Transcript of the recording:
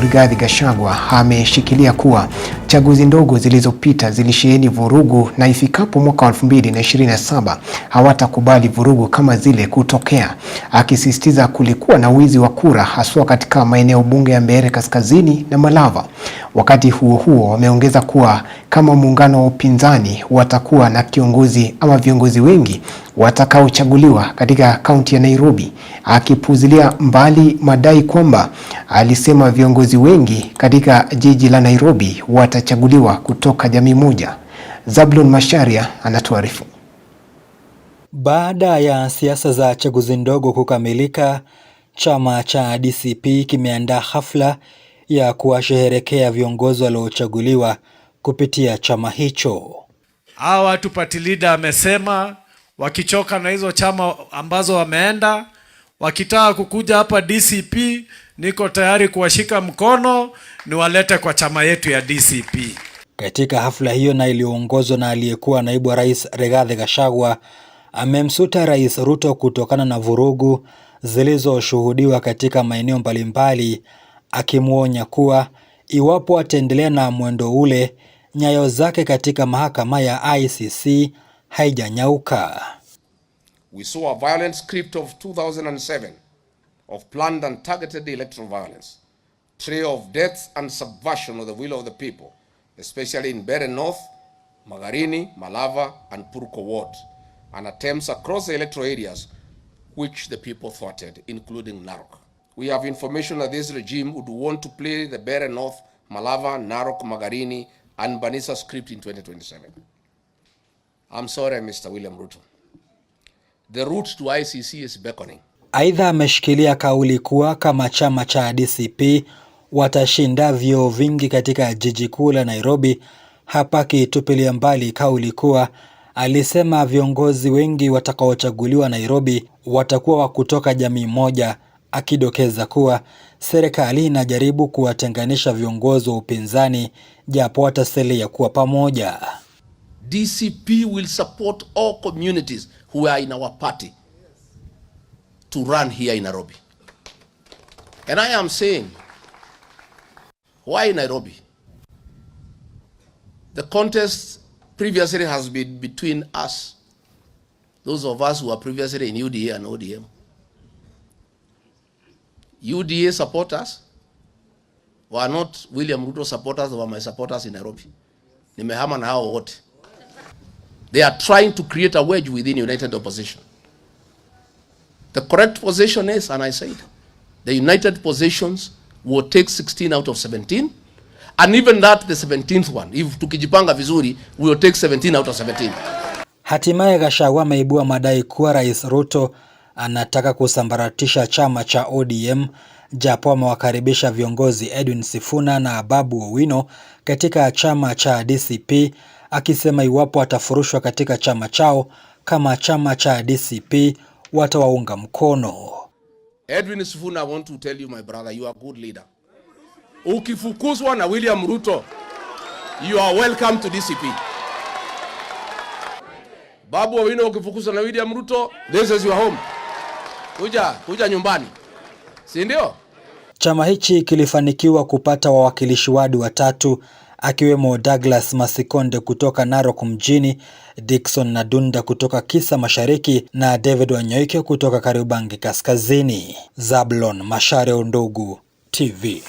Rigathi Gachagua ameshikilia kuwa chaguzi ndogo zilizopita zilisheheni vurugu na ifikapo mwaka 2027 hawatakubali vurugu kama zile kutokea, akisisitiza kulikuwa na wizi wa kura haswa katika maeneo bunge ya Mbeere Kaskazini na Malava. Wakati huo huo, wameongeza kuwa kama muungano wa upinzani watakuwa na kiongozi ama viongozi wengi watakaochaguliwa katika kaunti ya Nairobi, akipuzilia mbali madai kwamba alisema viongozi wengi katika jiji la Nairobi watachaguliwa kutoka jamii moja. Zablon Masharia anatuarifu. Baada ya siasa za chaguzi ndogo kukamilika, chama cha DCP kimeandaa hafla ya kuwasherehekea viongozi waliochaguliwa kupitia chama hicho. Hawa party amesema wakichoka na hizo chama ambazo wameenda. Wakitaka kukuja hapa DCP, niko tayari kuwashika mkono, niwalete kwa chama yetu ya DCP. Katika hafla hiyo na iliyoongozwa na aliyekuwa naibu wa rais Rigathi Gachagua, amemsuta Rais Ruto kutokana na vurugu zilizoshuhudiwa katika maeneo mbalimbali, akimwonya kuwa iwapo ataendelea na mwendo ule, nyayo zake katika mahakama ya ICC haijanyauka. We saw a violent script of 2007 of planned and targeted electoral violence, trail of death and subversion of the will of the people, especially in Bere North, Magarini, Malava and Purko Ward, and attempts across the electoral areas which the people thwarted, including Narok. We have information that this regime would want to play the Bere North, Malava, Narok, Magarini and Banisa script in 2027. I'm sorry, Mr. William Ruto. The route to ICC is beckoning. Aidha, ameshikilia kauli kuwa kama chama cha DCP watashinda vyeo vingi katika jiji kuu la Nairobi, hapa kitupilia mbali kauli kuwa alisema viongozi wengi watakaochaguliwa Nairobi watakuwa wa kutoka jamii moja, akidokeza kuwa serikali inajaribu kuwatenganisha viongozi wa upinzani japo watasalia kuwa pamoja. DCP will support all communities who are in our party to run here in Nairobi. And I am saying, why Nairobi? The contest previously has been between us, those of us who are previously in UDA and ODM. UDA supporters were not William Ruto supporters, were my supporters in Nairobi. Nimehama na hao wote. They are trying to create a wedge within united opposition. The correct position is, and I said, the united positions will take 16 out of 17 and even that the 17th one if tukijipanga vizuri we will take 17 out of 17. Hatimaye Gachagua ameibua madai kuwa Rais Ruto anataka kusambaratisha chama cha ODM japo amewakaribisha viongozi Edwin Sifuna na Babu Owino katika chama cha DCP akisema iwapo atafurushwa katika chama chao kama chama cha DCP watawaunga mkono. Edwin Sifuna, I want to tell you my brother, you are a good leader. Ukifukuzwa na William Ruto, you are welcome to DCP. Babu Owino, ukifukuzwa na William Ruto, this is your home. Kuja, kuja nyumbani. Si ndio? Chama hichi kilifanikiwa kupata wawakilishi wadi watatu akiwemo Douglas Masikonde kutoka Narok mjini, Dickson Nadunda kutoka Kisa Mashariki na David Wanyoike kutoka Kariobangi Kaskazini. Zablon Macharia, Undugu TV.